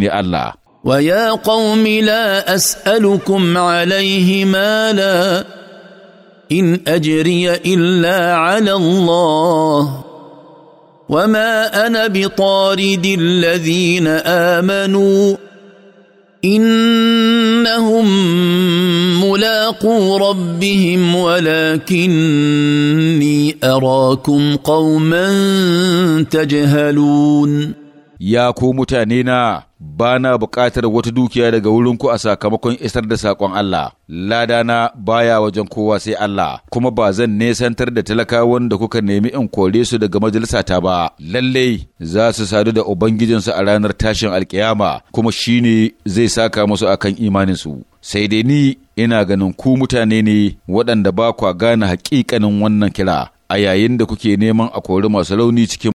shine Allah ويا قوم لا اسالكم عليه مالا ان اجري الا على الله وما انا بطارد الذين امنوا انهم ملاقو ربهم ولكني اراكم قوما تجهلون ya ko mutane na ba na buƙatar wata dukiya daga wurinku a sakamakon isar da saƙon Allah, ladana baya wajen kowa sai Allah, kuma ba zan nesantar da talakawan da kuka nemi in kore su daga majalisata ba, lallai za su sadu da Ubangijinsu a ranar tashin alkiyama kuma shi ne zai saka musu akan imaninsu. Sai dai ni ina ganin ku mutane ne waɗanda ba kwa gane hakikanin wannan kira a yayin da kuke neman a kori masu launi cikin